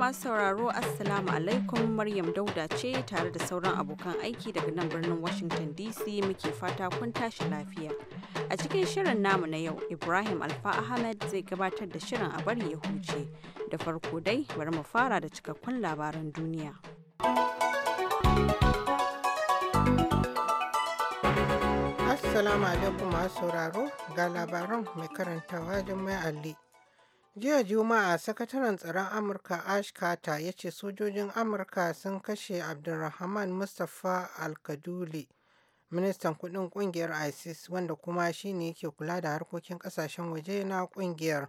masu sauraro Assalamu alaikum Maryam Dauda ce tare da sauran abokan aiki daga nan birnin Washington DC muke fata kun tashi lafiya. A cikin shirin namu na yau, Ibrahim Alfa Ahmed zai gabatar da shirin a bari ya huce. Da farko dai bari mu fara da cikakkun labaran duniya. Assalamu alaikum masu sauraro ga labaran mai karantawa mai alli Jiya Juma'a, Sakataren Tsaron Amurka Ash Carter ya ce sojojin Amurka sun kashe Abdulrahman Mustapha Al-Kaduli, ministan kudin kungiyar ISIS wanda kuma shine yake kula da harkokin kasashen waje na kungiyar.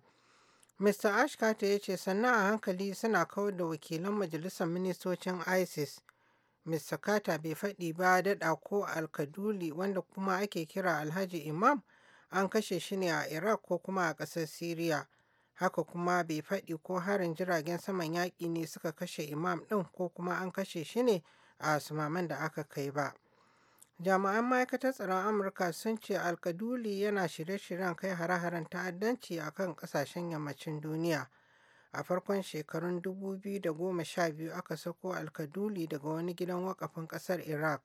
Mr. Ash Carter ya ce sannan a hankali suna kawar da wakilan majalisar ministocin ISIS. Mr. Carter bai faɗi ba daɗa ko Al-Kaduli wanda kuma ake kira Alhaji Imam an kashe shi ne a Iraq ko kuma a ƙasar Siriya. haka kuma bai faɗi ko harin jiragen saman yaƙi ne suka kashe imam ɗin ko kuma an kashe shi ne a sumaman da aka kai ba jami'an ma'aikatar tsaron amurka sun ce alkaduli yana shirye-shiryen kai hare-haren ta'addanci a kan ƙasashen yammacin duniya a farkon shekarun 2012 aka sako alkaduli daga wani gidan wakafin ƙasar iraq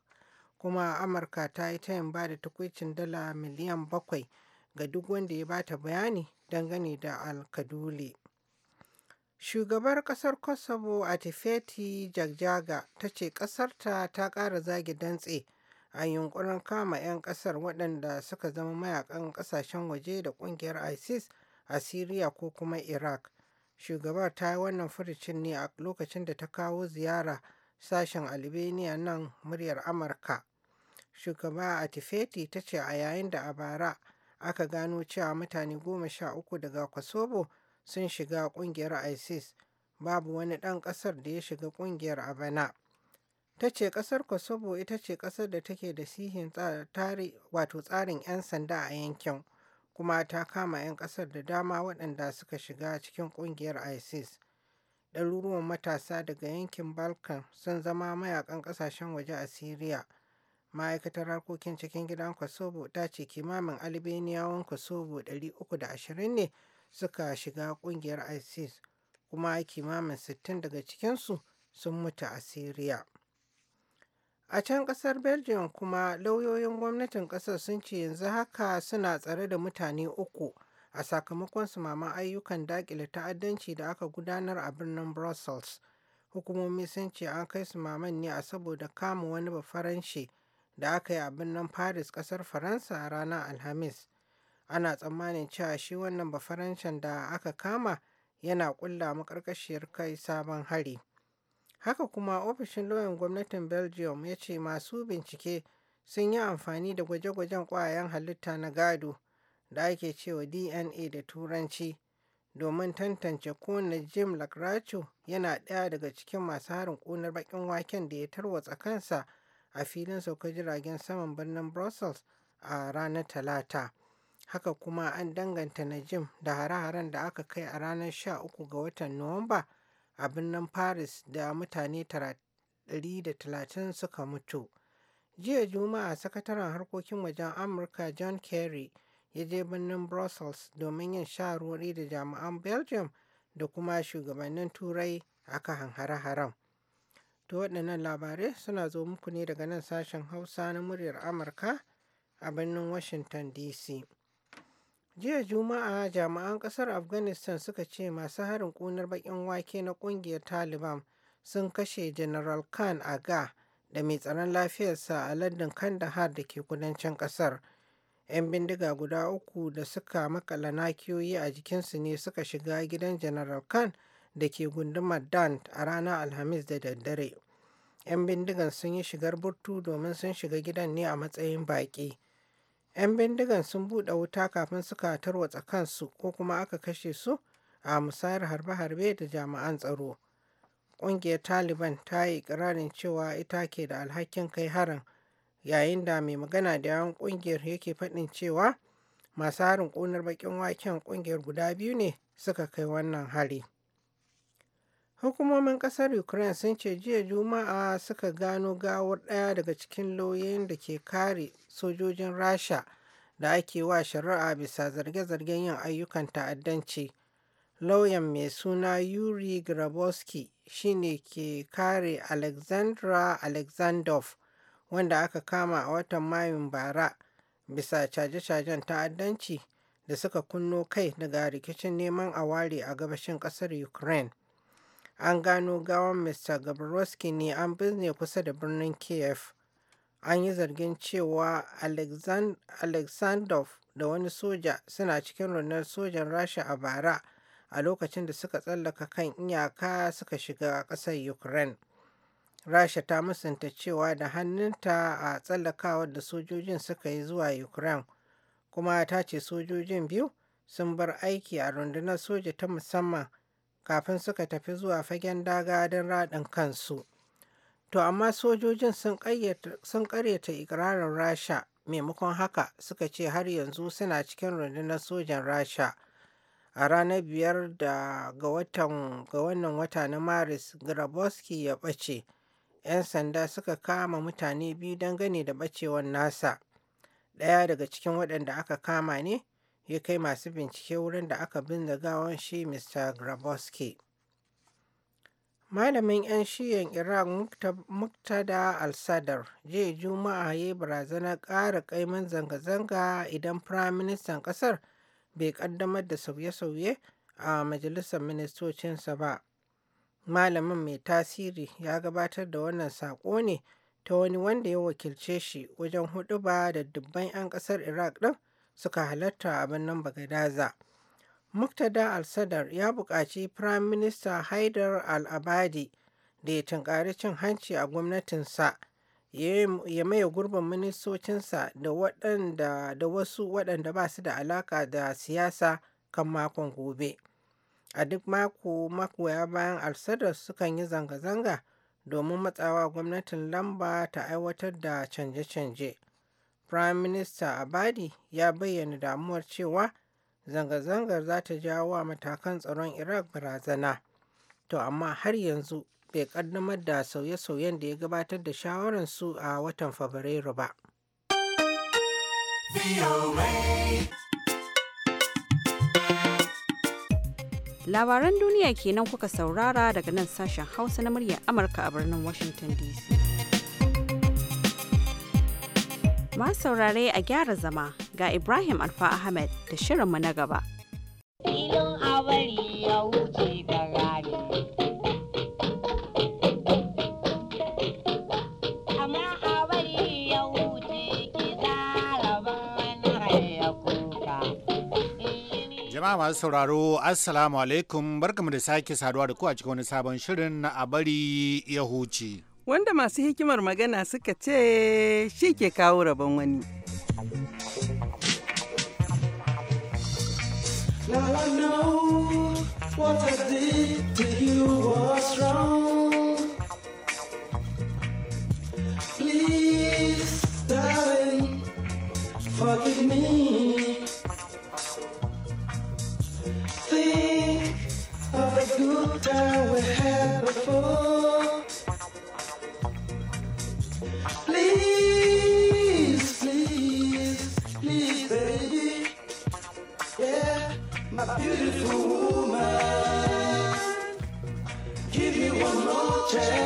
kuma amurka ta yi tayin ba da tukwicin dala miliyan bakwai ga duk wanda ya bata bayani dangane da alkadule. Shugabar kasar Kosovo Atifeti Jagjaga ta ce kasarta ta ƙara zage dantse a yunkurin kama 'yan kasar waɗanda suka zama mayakan ƙasashen waje da ƙungiyar ISIS a Siriya ko kuma Iraq. Shugabar ta yi wannan furucin ne a lokacin da ta kawo ziyara sashen Albania nan muryar Amurka. Shugaba Atifeti ta ce a yayin da a bara aka gano cewa mutane goma sha uku daga Kosovo sun shiga kungiyar ISIS babu wani ɗan ƙasar da ya shiga kungiyar a bana. Ta ce ƙasar Kosovo ita ce ƙasar da take da sihin wato tsarin 'yan sanda a yankin kuma ta kama 'yan ƙasar da dama waɗanda suka shiga cikin kungiyar ISIS. ɗaruruwan matasa daga yankin Balkan sun zama mayakan ƙasashen waje a Siriya ma'aikatar harkokin cikin gidan kosovo ta ce kimamin albaniyawan kosovo 320 ne suka shiga kungiyar isis kuma kimamin 60 daga cikinsu sun mutu a syria a can kasar belgium kuma lauyoyin gwamnatin kasar sun ce yanzu haka suna tsare da mutane uku a sakamakon sumaman ayyukan dakile ta'addanci da aka gudanar a birnin brussels hukumomi sun ce an kai sumaman ne a saboda kama wani bafaranshe da aka yi a birnin Paris ƙasar Faransa ranar Alhamis. Ana tsammanin cewa shi wannan bafarancin da aka kama yana ƙulla maƙarƙashiyar kai sabon hari. Haka kuma ofishin lauyan gwamnatin Belgium ya ce masu bincike sun yi amfani da gwaje-gwajen kwayan halitta na gado da ake cewa DNA da Turanci domin tantance ko Jim Lacracho yana ɗaya daga cikin masu harin kunar baƙin waken da ya tarwatsa kansa a filin saukar jiragen saman birnin Brussels a ranar Talata. Haka kuma an danganta Najim da hare-haren da aka kai a ranar 13 ga watan Nuwamba a birnin Paris da mutane 130 suka mutu. Jiya Juma'a sakataren harkokin wajen Amurka John Kerry ya je birnin Brussels domin yin shawarwari da jami'an Belgium da kuma shugabannin Turai aka hare-haren. To waɗannan labarai suna zo muku ne daga nan sashen Hausa na muryar Amurka a birnin Washington DC. Jiya Juma'a jami'an ƙasar Afghanistan suka ce masu harin ƙunar baƙin wake na ƙungiyar Taliban sun kashe General Khan Aga da mai tsaron lafiyarsa a lardin Kandahar da ke kudancin ƙasar. 'Yan bindiga guda uku da suka makala nakiyoyi a jikinsu ne suka shiga gidan General Khan da ke gundumar Dant a ranar Alhamis da daddare. 'Yan bindigan sun yi shigar burtu domin sun shiga gidan ne a matsayin baƙi. 'Yan bindigan sun buɗe wuta kafin suka tarwatsa kansu ko kuma aka kashe su a musayar harbe-harbe da jami'an tsaro. Ƙungiyar Taliban ta yi ƙirarin cewa ita ke da alhakin kai harin, yayin da mai magana da yawan ƙungiyar yake faɗin cewa masu harin ƙunar baƙin waken ƙungiyar guda biyu ne suka kai wannan hari. Hukumomin ƙasar Ukraine sun ce jiya Juma'a suka gano gawar ɗaya daga cikin lauyoyin da ke kare sojojin Rasha da ake wa shari'a bisa zarge-zargen yin ayyukan ta'addanci. Lauyan mai suna Yuri Grabowski shine ke kare Alexandra Alexandrov wanda aka kama a watan Mayun bara bisa caje-cajen ta'addanci da suka kunno kai daga rikicin neman a ware a gabashin ƙasar Ukraine. an gano gawan mr gabrowski ne an binne kusa da birnin kiev an yi zargin cewa alexandrov da wani soja suna cikin rundunar sojan rasha a bara a lokacin da suka tsallaka kan iyaka suka shiga ƙasar ukraine rasha ta musanta cewa da hannunta a tsallakawar da sojojin suka yi zuwa ukraine kuma ta ce sojojin biyu sun bar aiki a rundunar soja ta musamman kafin suka tafi zuwa fagen daga don raɗin kansu. To amma sojojin sun ƙaryata ikirarin Rasha maimakon haka suka ce har yanzu suna cikin rundunar sojan Rasha. A ranar biyar da ga wannan wata na Maris, Grabowski ya ɓace. 'Yan sanda suka kama mutane biyu don dangane da ɓacewan nasa. Ɗaya daga cikin waɗanda aka kama ne ya kai masu bincike wurin da aka binne gawan shi Mr. Grabowski. Malamin 'yan shiyan Iraq Muktada al-Sadar jiya Juma'a ya barazanar ƙara kaiman zanga-zanga idan Firaministan ƙasar bai ƙaddamar da sauye-sauye a majalisar ministocinsa ba. Malamin mai tasiri ya gabatar da wannan saƙo ne ta wani wanda ya wakilce shi wajen huɗuba da dubban 'yan ƙasar Iraq ɗin suka halatta a birnin Bagadaza. Muktada al-Sadar ya buƙaci prime minister Haidar al-Abadi da ya tunkari cin hanci a gwamnatinsa ya maye gurbin ministocinsa da wasu waɗanda ba su da alaƙa da siyasa kan makon gobe. A duk mako makoya bayan al-Sadar sukan yi zanga-zanga domin matsawa gwamnatin lamba ta aiwatar da canje-canje. Prime Minister Abadi ya bayyana damuwar cewa zanga-zangar za ta jawo wa matakan tsaron Iraq barazana. To amma har yanzu bai kaddamar da sauye-sauyen da ya gabatar da shawararsu a watan Fabrairu ba. Labaran duniya kenan kuka saurara daga nan sashen Hausa na muryar Amurka a birnin Washington DC. Ma saurare a gyara zama ga Ibrahim Alfa Ahmed da shirinmu na gaba. jama'a masu sauraro assalamu alaikum barkamu da sake saduwa da ku a cikin wani sabon shirin na a bari ya huce wanda masu hikimar magana suka ce shi ke kawo rabon wani. Now I know what I did to you was wrong. Please, darling, forgive me. Think of the good time we had before. Beautiful woman, give me one more chance.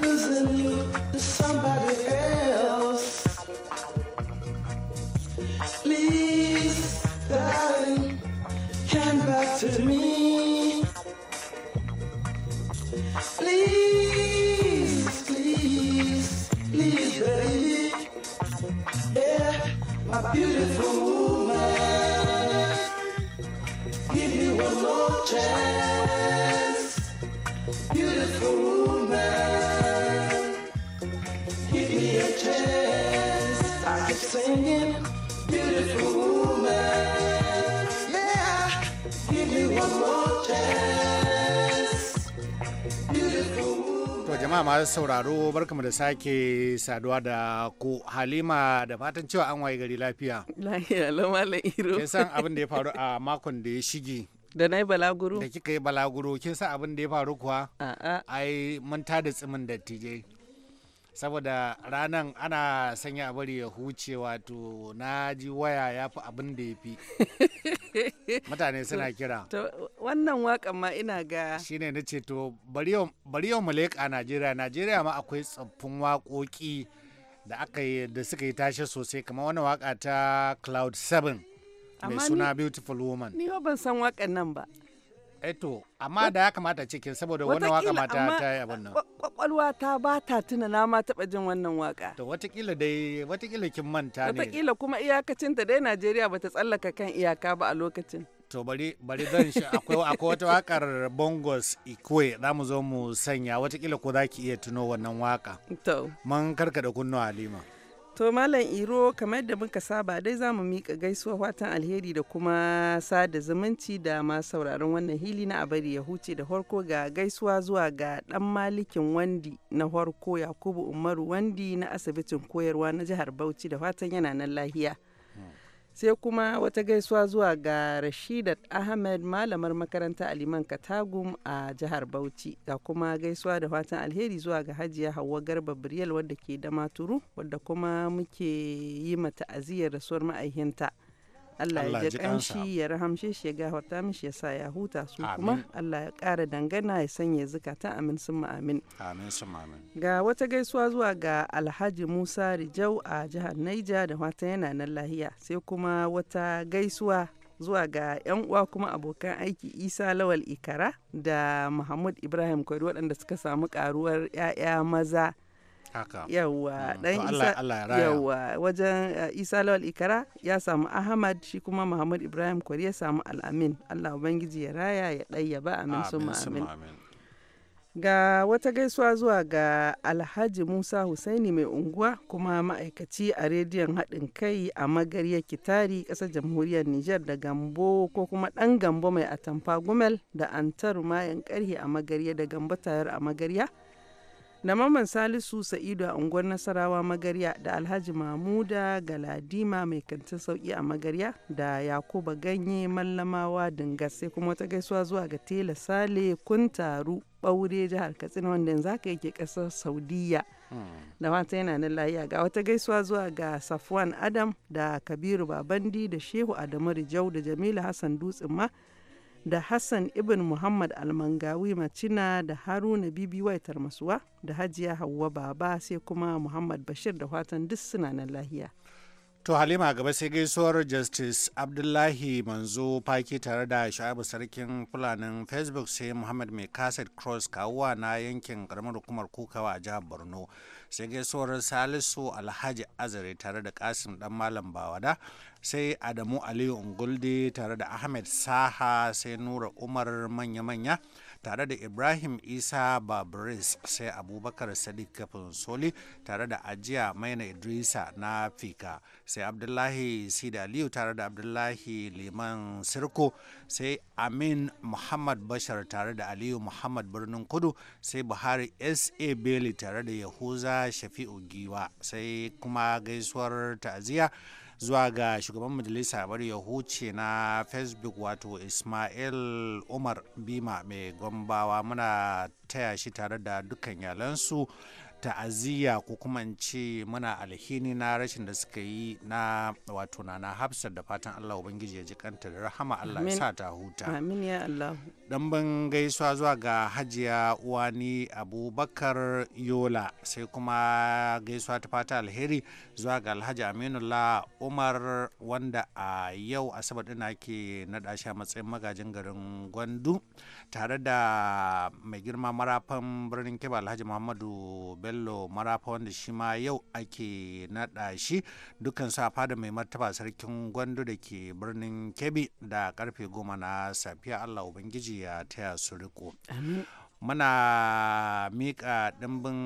losing you to somebody jama'a masu sauraro barkamu da sake saduwa da ku halima da fatan cewa an waye gari lafiya lafiya lamala iro kin san abin da ya faru a makon da ya shige da na yi balaguro da kika yi balaguro kin san abin da ya faru kuwa a'a ai mun tada tsimin dattijai saboda ranan ana sanya a bari ya huce wato na ji waya ya fi abin da ya fi mutane suna kira wannan wakan ma ina ga shine na ce to bari yau mu najeriya najeriya ma akwai tsoffin waƙoƙi da aka yi da suka yi tashi sosai kamar wani waka ta cloud 7 mai suna beautiful woman ni ban san wakan nan ba eto amma da ya kamata cikin saboda wannan waka mata ta yi abin nan kwakwalwa ta ba ta tuna na ma taba jin wannan waka to watakila dai watakila kin manta ne watakila kuma iyakacin ta dai Najeriya bata tsallaka kan iyaka ba a lokacin to bari bari zan shi akwai akwai wata wakar bongos ikwe za mu zo mu sanya watakila ko za ki iya tuno wannan waka to mun karkada kunnu halima To Malam Iro kamar da muka saba dai za mu miƙa gaisuwa watan alheri da kuma sada zumunci da ma sauraron wannan hili na abari ya huce da horko ga gaisuwa zuwa ga dan malikin wandi na harko Yakubu Umaru wandi na asibitin koyarwa na jihar Bauchi da fatan yana nan lahiya. sai kuma wata gaisuwa zuwa ga rashidat ahmed malamar makaranta aliman katagum a jihar bauchi da kuma gaisuwa da fatan alheri zuwa ga hajiya hawa garba biryal wadda ke da maturu wadda kuma muke yi mata aziyar rasuwar ma'aihinta Allah ya ji kanshi ya rahamshe shi ya gafarta mishi ya sa ya huta su kuma Allah ya ƙara dangana ya sanya zukata amin sun amin amin sun amin ga wata gaisuwa zuwa ga Alhaji Musa Rijau a jihar Naija da wata yana nan lahiya sai kuma wata gaisuwa zuwa ga 'yan uwa kuma abokan aiki isa lawal ikara da muhammad ibrahim kwari waɗanda suka samu karuwar 'ya'ya maza yawwa dan mm, isa yawwa wajen eh, isa lawal ikara ya samu ahmad shi kuma muhammad ibrahim kwari ya samu al'amin allah ubangiji ya raya ya ɗaya ba amin su amin ga wata gaisuwa zuwa ga alhaji musa husaini mai unguwa kuma ma'aikaci a rediyon haɗin kai a magarya kitari ƙasar jamhuriyar niger da gambo ko kuma ɗan gambo mai atamfa gumel da antaru mayan ƙarhe a magarya da gambo tayar a magarya da Maman Salisu Sa'idu a unguwar Nasarawa Magarya da Alhaji Mamuda Galadima mai kantin sauki a Magarya da Yakuba Ganye Mallamawa Dingas sai kuma wata gaisuwa zuwa ga Tela Sale Kuntaru Baure jihar Katsina wanda yanzu haka yake ƙasar Saudiya. Da wata yana nan lahiya ga wata gaisuwa zuwa ga Safwan Adam da Kabiru Babandi da Shehu Adamu Rijau da jamilu Hassan Dutsen ma da Hassan Ibn Muhammad Almangawi Macina da Haruna Bibi Waitar Masuwa da Hajiya Hauwa Baba sai kuma Muhammad Bashir da watan duk suna nan lahiya. To Halima gaba sai gaisuwar Justice Abdullahi Manzo Faki tare da Shu'aibu Sarkin Fulanin Facebook sai Muhammad Mai Kaset Cross kawuwa na yankin karamar hukumar Kukawa a jihar Borno. sai gaisuwar salisu alhaji azare tare da kasim dan malam bawada sai adamu aliyu ungulde tare da ahmed saha sai nura umar manya-manya tare da ibrahim isa barbaris sai abubakar sadiq kafin soli tare da ajiya maina idrisa na fika sai abdullahi sida aliyu tare da abdullahi liman sirko sai amin muhammad bashar tare da aliyu muhammad birnin kudu sai buhari sa bailey tare da yahuza shafi'u giwa sai kuma gaisuwar ta'aziyya zuwa ga shugaban majalisa bari ya huce na facebook wato ismail umar bima mai gombawa muna taya shi tare da dukkan yalansu ta'aziyya ko kuma in ce muna alhini na rashin da suka yi na wato na na hafsat da fatan allah ubangiji ya ji kanta da rahama allah ya sa ta huta amin ya allah dan ban gaisuwa zuwa ga hajiya uwani abubakar yola sai kuma gaisuwa ta fata alheri zuwa ga alhaji aminullah umar wanda a yau asabar din ake naɗa shi a matsayin magajin garin gwandu tare da mai girma marafan birnin keba alhaji muhammadu bello bello marafa wanda shi ma yau ake naɗa shi dukkan sa fada mai martaba sarkin gwandu da ke birnin kebbi da karfe goma na safiya allah ubangiji ya taya su riko muna mika ɗimbin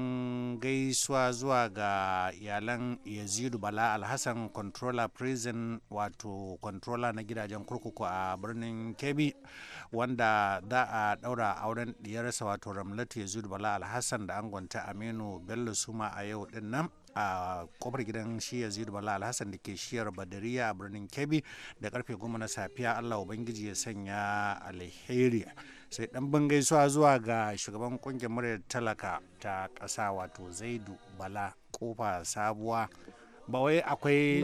gaisuwa zuwa ga iyalan yazidu bala alhassan controller prison wato controller na gidajen kurkuku a birnin kebbi wanda za a daura auren ɗiyarsa wato ramlatu yazidu bala alhassan da angonta aminu bello suma a yau din nan a kofar gidan ya ziru bala alhassan da ke shiyar badariya a birnin kebbi da karfe goma na safiya allah ubangiji ya sanya alheri sai dan bangai gaisuwa zuwa ga shugaban kungiyar muryar talaka ta ƙasa wato zaidu bala kofa sabuwa ba wai akwai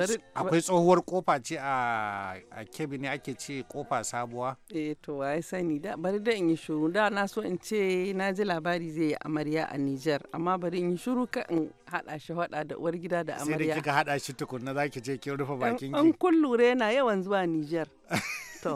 tsohuwar kofa ce a kebi ne ake ce kofa sabuwa eh to wai sani da bari da in yi shuru da na so in ce na ji labari zai yi amarya a nijar amma bari in yi shuru ka in hada shi hada da uwar gida da amarya sai da kika hada shi tukunna zaki je ki rufe bakin ki an kullure na yana yawan zuwa nijar. to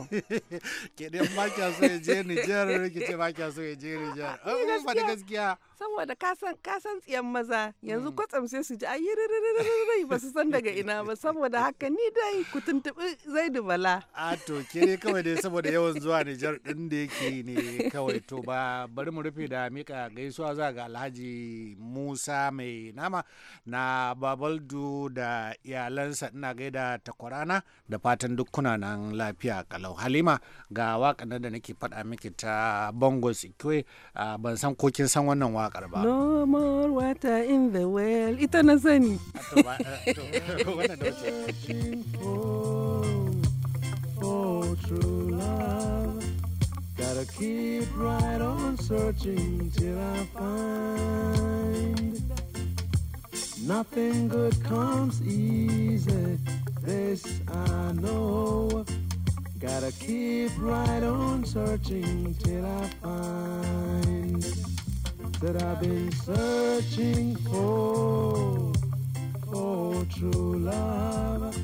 ke dai ba kya so ya je Nijar ki ce ba kya so ya je Nijar an da gaskiya saboda kasan san tsiyan maza yanzu ko tsamse su ji ayi rai ba su san daga ina ba saboda haka ni dai ku tuntubi Zaidu Bala a to ke dai kawai dai saboda yawan zuwa Nijar din da yake ne kawai to ba bari mu rufe da mika gaisuwa za ga Alhaji Musa mai nama na Babaldu da iyalansa ina gaida takwarana da fatan dukkuna nan lafiya kalau halima ga wakar da nake faɗa miki ta bongo sikwe ban san ko kin san wannan wakar ba no more water in the well ita na sani Gotta keep right on searching till I find nothing good comes easy. This I know. Gotta keep right on searching till I find that I've been searching for, oh true love.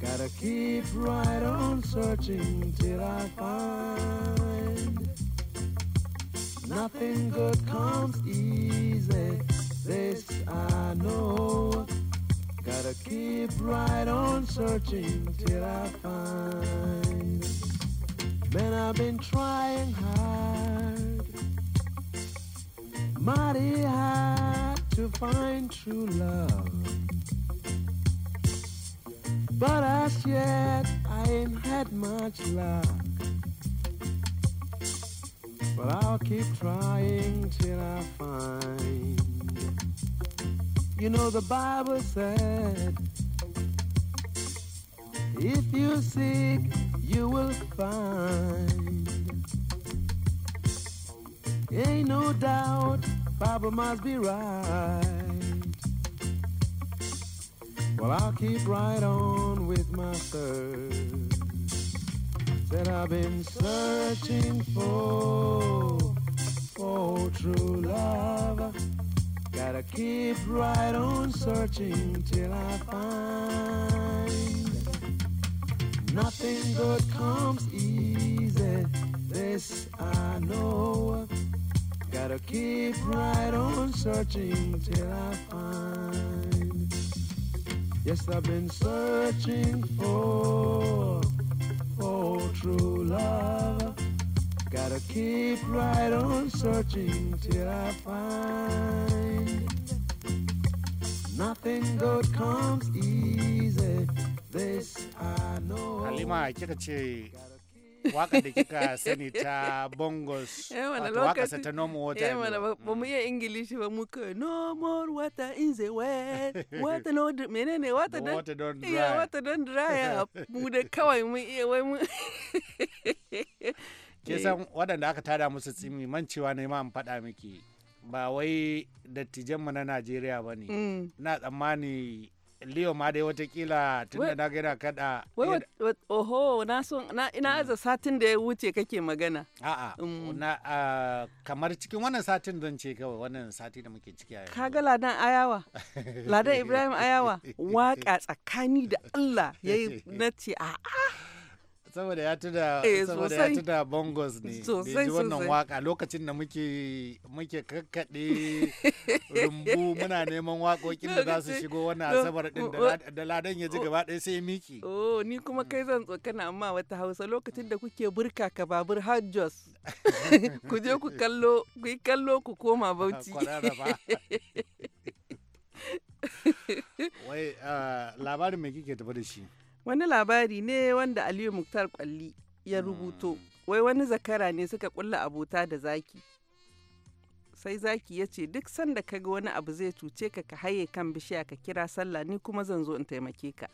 Gotta keep right on searching till I find nothing good comes easy. This I know. Gotta keep right on searching till I find. Man, I've been trying hard, mighty hard to find true love. But as yet, I ain't had much luck. But I'll keep trying till I find. You know, the Bible said, if you seek, you will find. Ain't no doubt, Papa must be right. Well, I'll keep right on with my search that I've been searching for, for oh, true love. Gotta keep right on searching till I find. Nothing good comes easy, this I know. Gotta keep right on searching till I find. Yes, I've been searching for, for true love. Gotta keep right on searching till I find. Nothing good comes easy. halima kika ce waka da kika sani ta bongos eh, wato waka sa ta more water eh mana ba mu iya mm. ingilishi ba mu ka normal water in the world. water no menene water don water don dry yeah water don dry mu da kawai mu iya wai mu ke san waɗanda aka tada musu tsimi man cewa ne ma an faɗa miki ba wai dattijan mu na Najeriya ba ne mm. na tsammani Leo ma dai watakila tun da na gaira kada. Wai oho na so na ina mm. aza satin da ya wuce kake magana. A'a mm. na kamar cikin wannan satin zan ce kawai wannan sati da muke ciki a yanzu. Kaga ladan ayawa. Ladan Ibrahim ayawa waka tsakani da Allah yayi nace a'a. saboda ya tuda eh, saboda ya tuda bongos ne da ji wannan waka lokacin da muke muke kakkade rumbu muna neman wakokin da za su shigo wannan asabar din da ladan ya ji gaba ɗaya sai miki oh ni kuma kai zan tsokana amma wata hausa lokacin da kuke burka ka babur hajjos ku je ku kallo ku yi kallo ku koma bauchi wai ah, labarin me kike tafi da shi Wani labari ne wanda Aliyu Muktar Kwalli ya hmm. rubuto, wai wani zakara ne suka kulla abota da zaki. Sai zaki ya ce duk sanda ka ga wani abu zai cuce ka ka haye kan bishiya ka kira sallah ni kuma zan zo in taimake ka.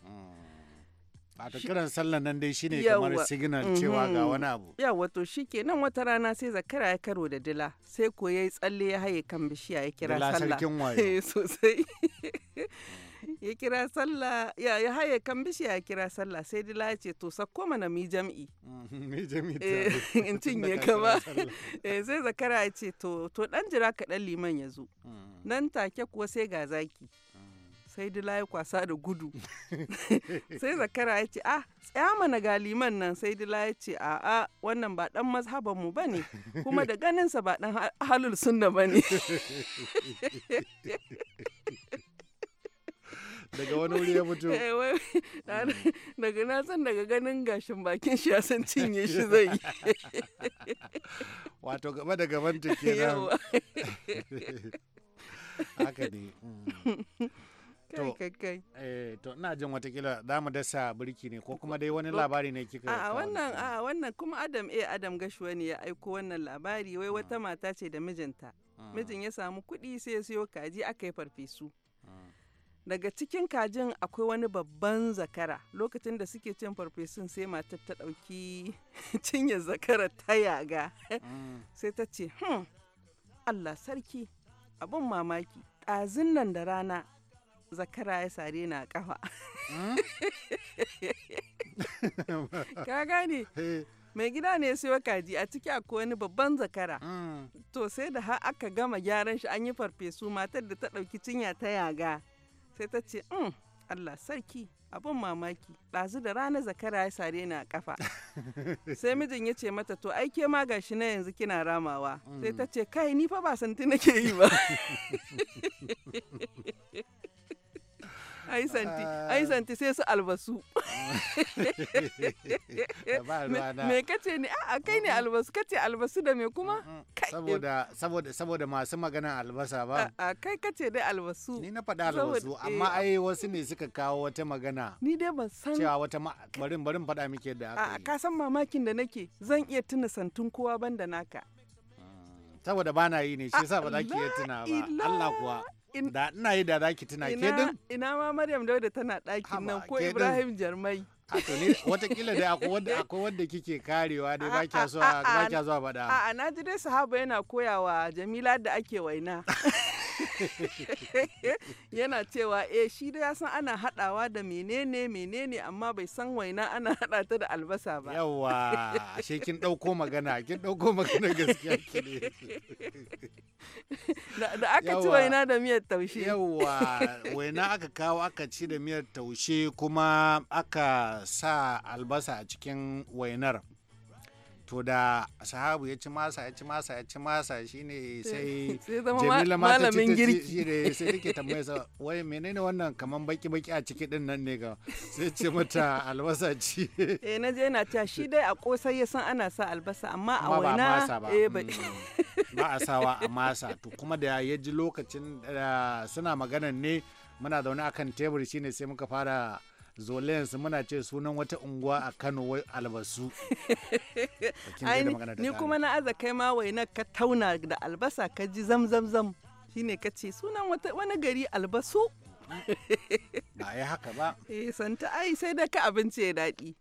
Wato hmm. kiran sallah nan dai shine kamar signal mhm. cewa ga wani abu. Yawa to nan wata rana sai zakara ya karo da dila sai ko yayi tsalle ya haye kan bishiya ya kira sallah. Eh, sosai. Hmm. ya kira sallah ya ya haye kan bishiya ya kira sallah sai dila ya ce to sakko mana mi jam'i mi mm-hmm, jam'i eh, in cinye kama eh, sai zakara ya ce to to dan jira kaɗan liman ya zo mm. nan take kuwa sai ga zaki mm. sai dila ya kwasa da gudu sai zakara ya ce ah tsaya mana ga liman nan sai dila ya ce a'a wannan ba dan mazhaban mu bane kuma da ganinsa ba dan halul sunna bane daga wani wuri ya fito eh, mm. daga na san daga ganin gashin bakin shi ya san cinye shi zai wato gaba da gaban ta kenan haka ne mm. eh, to ina jin watakila za mu dasa birki ne ko kuma dai wani labari ne kika a wannan a wannan kuma adam a eh, adam gashuwa ne ya aiko wannan labari wai wata mm. mata ce da mijinta mijin ya samu kuɗi sai ya siyo kaji aka yi farfesu daga cikin kajin akwai wani babban zakara lokacin da suke cin farfesun sai matar ta ɗauki cinye zakara ta yaga mm. sai ta ce hmm allah sarki abin mamaki ɗazin nan da rana zakara ya sare na kafa mm. ka gane mai gida ne sai kaji a ciki akwai wani babban zakara mm. to sai da har aka gama gyaran shi an yi farfesu matar da ta ɗauki cinya ta yaga sai ta ce um Allah sarki abin mamaki ɗazu da rana zakara ya sare ni a kafa sai mijin ya ce mata to ai ke ma gashi na yanzu kina ramawa sai ta mm. ce kai ni fa ba santi nake yi ba ai santi ai ah. santi sai su albasu me kace ne a kai ne albasu kace albasu da me kuma saboda saboda saboda masu magana albasa ba a kai kace dai albasu ni na faɗa albasu amma eh. ai wasu ne suka kawo wata magana ni dai ban san cewa wata barin barin faɗa muke da haka a ka san mamakin da nake zan iya tuna santun kowa banda naka mm. saboda ba na yi ne shi yasa ba za ki iya tuna ba Allah kuwa da ina yi da zaki tuna ke din ina ma maryam dauda tana ɗakin nan ko ibrahim jarmai a to ne watakila dai akwai wanda kike karewa dai ba kya zuwa da. a na ji dai sahaba yana koyawa jamila da ake waina yana cewa eh shi da ya san ana hadawa da menene menene amma bai san waina ana hada ta da albasa ba yawa she kin dauko magana kin dauko magana gaskiya kile da aka ci waina da miyar taushe yawa waina aka kawo aka ci da miyar taushe kuma aka sa albasa a cikin wainar to da sahabu ya ci masa ya ci masa ya ci masa shine sai jamila ma ta ci ta sai take tambaya sa wai menene wannan kaman baki baki a ciki din nan ne ga sai ce mata albasa ci eh na je na ta shi dai a kosai ya san ana sa albasa amma a waina eh ba mm. ba a sawa a masa to kuma da ya ji lokacin suna maganan ne muna zaune akan tebur shine sai muka fara zolens muna ce sunan wata unguwa a kano wai albasu ni kuma na aza kai ma na ka tauna da albasa ka ji zam zam zam shine ka ce sunan wani gari albasu ba ya haka ba eh santa ai sai da ka abinci ya daɗi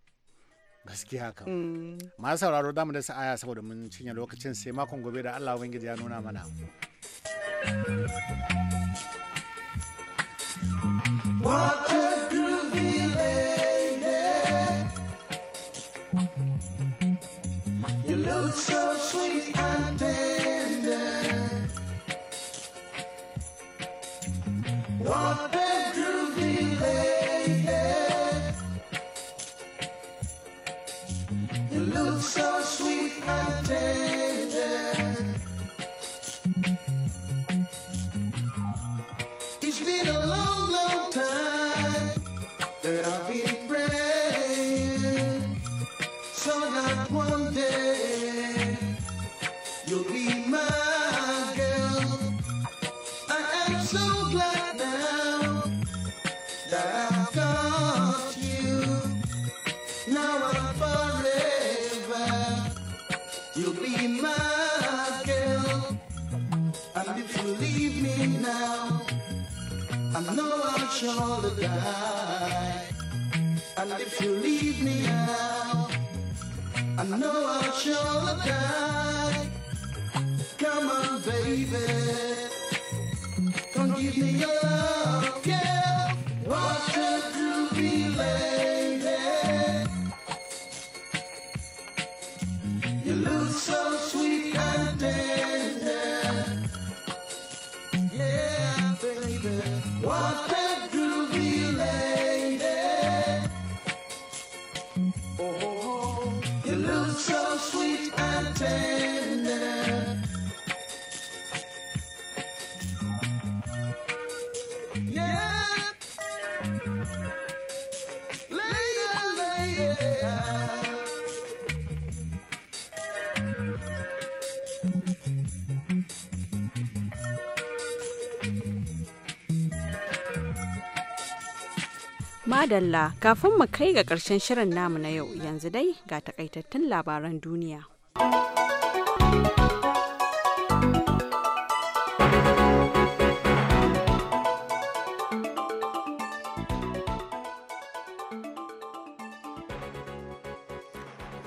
gaskiya haka mm. masu sauraro damu da sa'aya saboda mun cinye lokacin sai makon gobe da allah ubangiji ya nuna mana Lord. come on, baby. don't give me your love. dalla kafin mu kai ga ƙarshen shirin namu na yau yanzu dai ga takaitattun labaran duniya.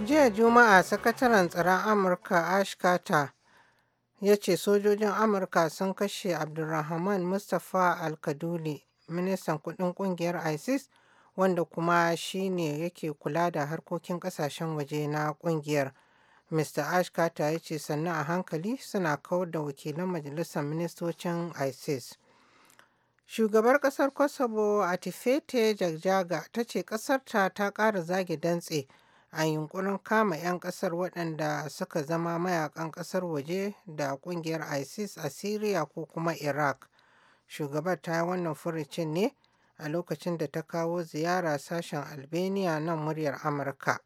jiya juma'a sakataren tsaron amurka ash ya ce sojojin amurka sun kashe abdulrahman mustapha al ministan kudin kungiyar isis wanda kuma shi ne yake kula da harkokin kasashen waje na kungiyar. Mr. Ash Carter ya ce sannan a hankali suna kawar da wakilan majalisar ministocin ISIS. Shugabar kasar Kosovo Atifete Jagjaga ta ce kasarta ta ƙara zage dantse a yunkurin kama 'yan kasar waɗanda suka zama mayakan kasar waje da kungiyar ISIS a Syria ko kuma Iraq. Shugabar ta yi wannan furucin ne. a lokacin da ta kawo ziyara sashen Albania nan muryar Amurka.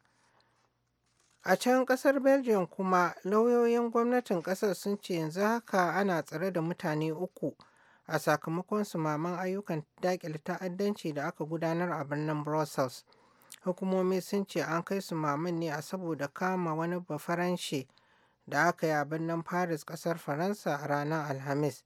A can ƙasar Belgium kuma lauyoyin gwamnatin ƙasar sun ce yanzu haka ana tsare da mutane uku a sakamakon sumaman ayyukan daƙil ta'addanci da aka gudanar a birnin Brussels. Hukumomi sun ce an kai sumaman ne a saboda kama wani bafaranshe da aka yi a birnin Paris ƙasar Faransa a ranar Alhamis.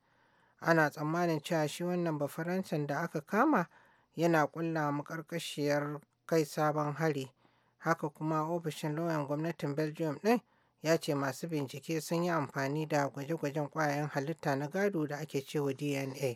ana tsammanin cewa shi wannan bafarancin da aka kama yana ƙulla ƙarƙashiyar kai sabon hari haka kuma ofishin lauyan gwamnatin belgium ɗin ya ce masu bincike sun yi amfani da gwaje-gwajen ƙwayayen halitta na gado da ake cewa dna